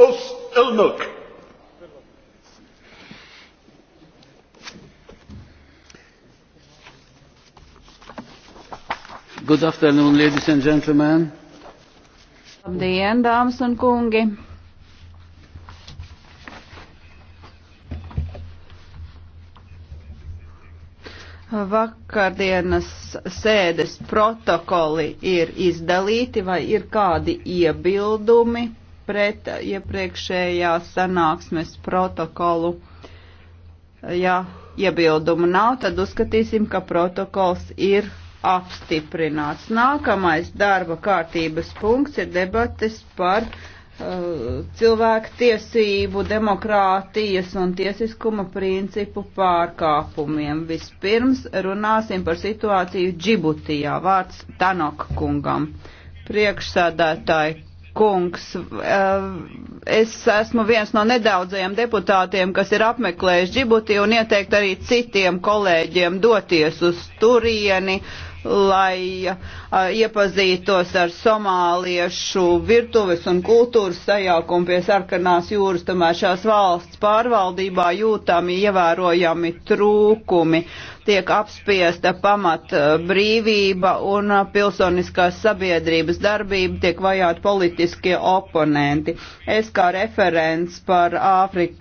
أس الملك Good afternoon, ladies and gentlemen. Labdien, dāmas un kungi! Vakardienas sēdes protokoli ir izdalīti vai ir kādi iebildumi? pret iepriekšējās sanāksmes protokolu. Ja iebildumu nav, tad uzskatīsim, ka protokols ir apstiprināts. Nākamais darba kārtības punkts ir debates par uh, cilvēku tiesību, demokrātijas un tiesiskuma principu pārkāpumiem. Vispirms runāsim par situāciju Džibutijā. Vārds Tanok kungam. Priekšsādātāji kungs, eh, es esmu viens no nedaudzajiem deputātiem, kas ir apmeklējis Džibuti un ieteikt arī citiem kolēģiem doties uz turieni, lai uh, iepazītos ar somāliešu virtuves un kultūras sajaukumu pie sarkanās jūras, tomēr šās valsts pārvaldībā jūtami ievērojami trūkumi, tiek apspiesta pamat brīvība un pilsoniskās sabiedrības darbība, tiek vajāti politiskie oponenti. Es kā referents par Āfriku